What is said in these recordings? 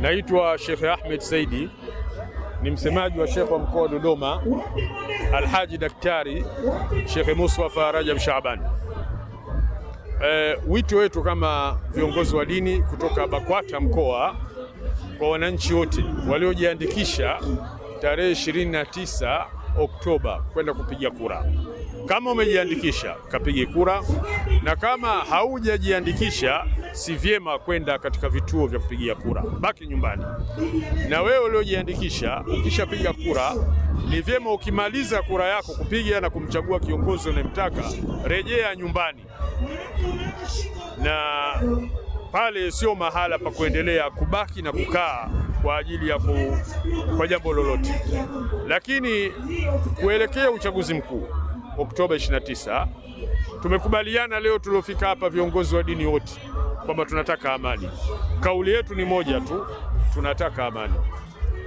Naitwa Sheikh Ahmed Saidi, ni msemaji wa Sheikh wa mkoa wa Dodoma Alhaji Daktari Sheikh Mustafa Rajab Shaaban. E, wito wetu kama viongozi wa dini kutoka BAKWATA mkoa kwa wananchi wote waliojiandikisha tarehe 29 Oktoba kwenda kupiga kura. Kama umejiandikisha, kapige kura na kama haujajiandikisha si vyema kwenda katika vituo vya kupigia kura, baki nyumbani. Na wewe uliojiandikisha, ukishapiga kura, ni vyema ukimaliza kura yako kupiga na kumchagua kiongozi unayemtaka, rejea nyumbani, na pale sio mahala pa kuendelea kubaki na kukaa kwa ajili ya ku, kwa jambo lolote. Lakini kuelekea uchaguzi mkuu Oktoba 29 Tumekubaliana leo tuliofika hapa viongozi wa dini wote kwamba tunataka amani. Kauli yetu ni moja tu, tunataka amani.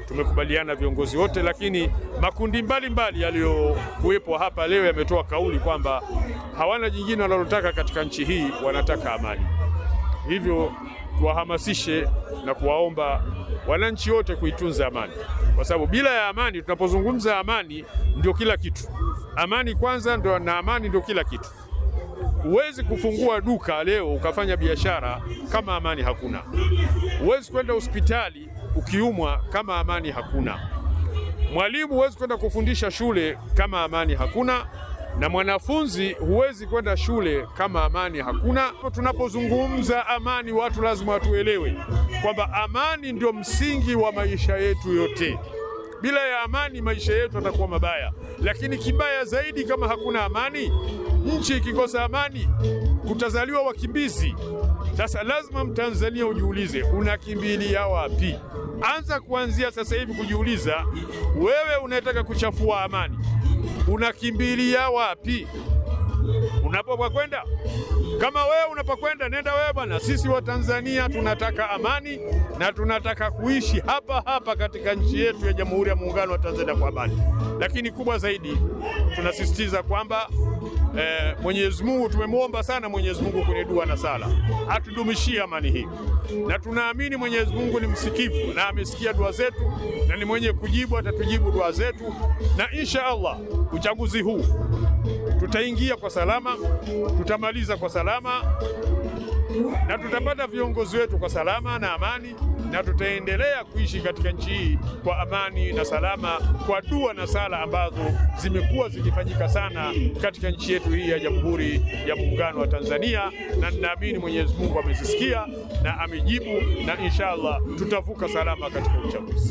Tumekubaliana viongozi wote, lakini makundi mbalimbali yaliyokuwepo hapa leo yametoa kauli kwamba hawana jingine wanalotaka katika nchi hii, wanataka amani. Hivyo tuwahamasishe na kuwaomba wananchi wote kuitunza amani, kwa sababu bila ya amani, tunapozungumza amani ndio kila kitu. Amani kwanza ndio, na amani ndio kila kitu. Huwezi kufungua duka leo ukafanya biashara kama amani hakuna. Huwezi kwenda hospitali ukiumwa kama amani hakuna. Mwalimu huwezi kwenda kufundisha shule kama amani hakuna na mwanafunzi huwezi kwenda shule kama amani hakuna. Tunapozungumza amani, watu lazima watuelewe kwamba amani ndio msingi wa maisha yetu yote. Bila ya amani maisha yetu yatakuwa mabaya, lakini kibaya zaidi kama hakuna amani. Nchi ikikosa amani, kutazaliwa wakimbizi. Sasa lazima Mtanzania ujiulize, unakimbilia wapi? Anza kuanzia sasa hivi kujiuliza, wewe unataka kuchafua amani unakimbilia wapi unapopakwenda? Kama wewe unapokwenda, nenda wewe bwana. Sisi wa Tanzania tunataka amani na tunataka kuishi hapa hapa katika nchi yetu ya Jamhuri ya Muungano wa Tanzania kwa amani, lakini kubwa zaidi tunasisitiza kwamba eh, Mwenyezi Mungu tumemwomba sana Mwenyezi Mungu kwenye dua na sala atudumishie amani hii, na tunaamini Mwenyezi Mungu ni msikivu na amesikia dua zetu na ni mwenye kujibu, atatujibu dua zetu, na insha Allah uchaguzi huu tutaingia kwa salama, tutamaliza kwa salama na tutapata viongozi wetu kwa salama na amani na tutaendelea kuishi katika nchi hii kwa amani na salama kwa dua na sala ambazo zimekuwa zikifanyika sana katika nchi yetu hii ya Jamhuri ya Muungano wa Tanzania, na ninaamini Mwenyezi Mungu amezisikia na amejibu, na inshallah tutavuka salama katika uchaguzi.